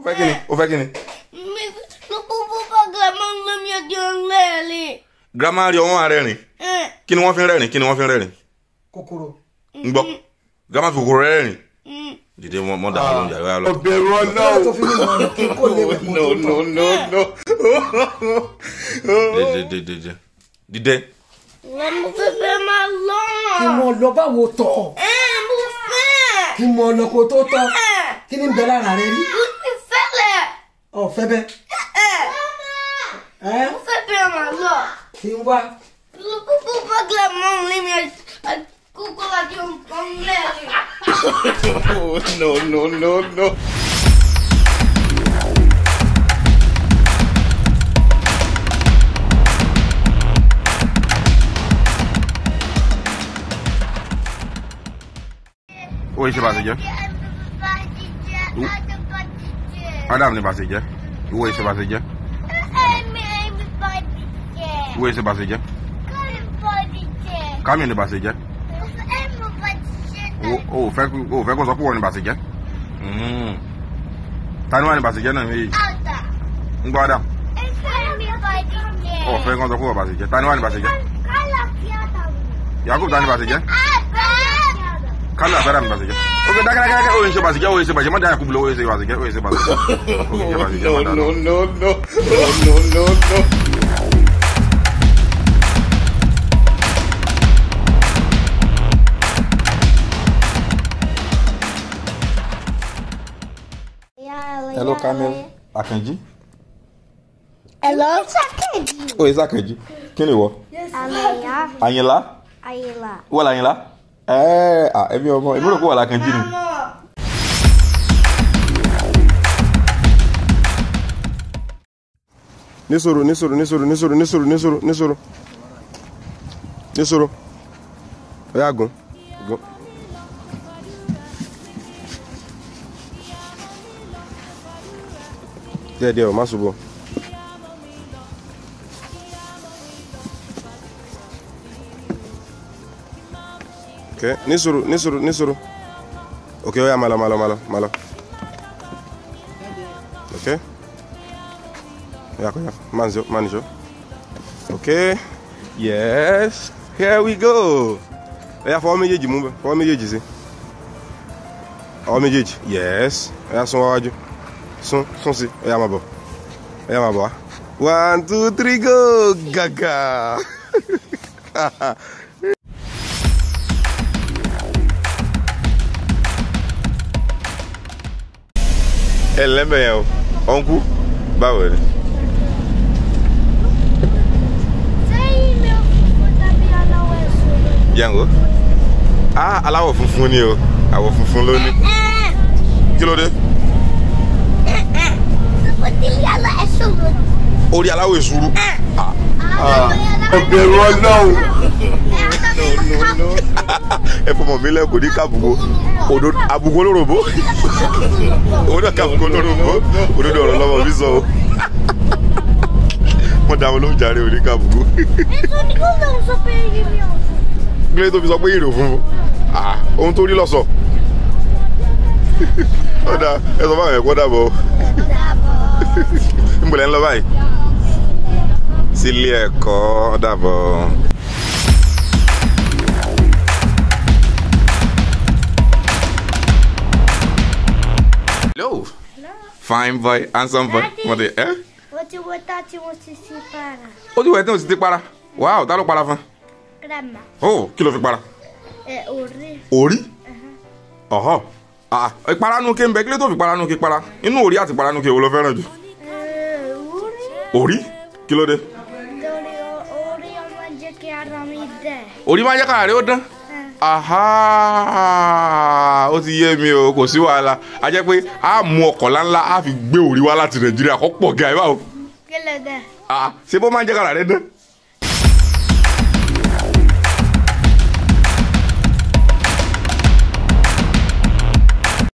o fẹ́ kí ni o fẹ́ kí ni. mi gbogbo bá girama ń lé mi ẹjọ́ ń rẹ́rìn. girama rí ọwọ́n arẹ́rìn kí ni wọ́n fi rẹ́rìn kí ni wọ́n fi rẹ́rìn. kòkòrò. ń mm-hmm. gbọ́ girama fi kòkòrò rẹ́rìn mm-hmm. dìde mọ dàgbà lóúnjẹ àgbà lọ. ọbẹ̀rù ọlọ́wọ́ tó fi lè mọ kí kò lè mọ tó tọ̀. no no no. dìde dìde dìde dìde. mo fẹ́ fẹ́ máa lọ. kí mo lọ báwo tọ̀. ẹ mo fẹ́. kí mo Ɔ É. bɛ. Não é pra Amazon? Sim, vá. Pelo cucu reclamando ali, minha cucu lá de um nele. Não, não, não, não. Oi, Sebastião. Uh. Adam ni bàṣẹ jẹ́ ìwọ ìṣe bàṣẹ jẹ́. ìwọ ìṣe bàṣẹ jẹ́. kámi ni bàṣẹ jẹ́. o fẹ́ kó sọ pé wọ́n ni bàṣẹ jẹ́. tani wà ni bàṣẹ jẹ́ náà méjì. ń gbọ́ Adam. o fẹ́ kó sọ pé wọ́n bàṣẹ jẹ́ tani wà ni bàṣẹ jẹ́. Yakub tani bàṣẹ jẹ́. kálí àtàrà ni bàṣẹ jẹ́. Okay, dakara dakara oyin se basike oyin se basike ma da yakubu lo oyin se basike oyin se basike. No no no no no no no. Hello, Kamil Akanji. Hello. Akanji. Oh, it's Akanji. Kí ni ìwọ? Àyìnlá. Àyìnlá. Àyìnlá. Wọ́n la Àyìnlá ẹ ẹ ẹbí ọmọ ìmúlò kó wà lákànjú ni. nísòro nísòro nísòro nísòro nísòro nísòro nísòro nísòro ó yà gùn gùn. díẹ̀ díẹ̀ o má ṣubú. Ok, Ni suru, ok Ok, oh ni malo malo malo ok Ok? mala Yako yako. Manjo, manjo. ok Yes. Here we go. Oya fọ méjèèjì mú bẹ. Fọ méjèèjì sí. Ọ méjèèjì. Yes. Oya sún wájú. Sún sún sí. Oya máa bọ̀. Oya máa bọ̀ ah. One, two, three, go! Gaga! ẹ lẹ́mẹ̀ yẹn o ọ̀nkú báwo ni. yango ah aláwọ̀ funfun ni o àwọ̀ funfun ló ní kí ló dé. orí aláwọ̀ èsúrú. ọ̀bẹ̀rù ah. ah. ọlọ́run ẹ fọmọ mi lẹ kò ní kàbùkù òdo àbùkù olórobó òun náà kàbùkù olórobó òdodo ọ̀rọ̀ mi sọ o wọ́n dá wọn ló ń jàre òní kàbùkù. kílẹ̀ tó fi sọ pé ohun tó rí lọ́sọ̀ ọ̀dà ẹ sọ fáwọn ẹ̀kọ́ dàbọ̀ ń bọ̀lẹ́ ń lọ báyìí sílé ẹ̀kọ́ dàbọ̀. Hello. Hello. Fine boy, handsome boy. Mo ti ẹ́. Mo ti wo tá tí mo ti sí para. Ó ti wẹ̀ tí mo ti ti para. Wow, ta ló para fún? Grandma. Oh, kí ló fi para? Ẹ orí. Orí? Uh-huh. Ọ̀họ́. Ah, ìparanu kí n bẹ kí ló tó fi paranu kí para? Inú orí àti paranu kí èwo ló fẹ́ràn jù? Eh, orí? Kí ló dé? Torí orí máa ń jẹ́ kí ara mi dẹ̀. Orí máa ń jẹ́ kí ara rẹ̀ ó dán? Eh. Aha ó ti yé mi o kò sí wàhálà a jẹ́ pé a mú ọkọ̀ láńlá a fi gbé òrí wá láti nàìjíríà kó pọ̀ gẹ́ àyè báwo. kí ló dé. Ah, ṣé bó máa ń jẹ́ kára rẹ dán.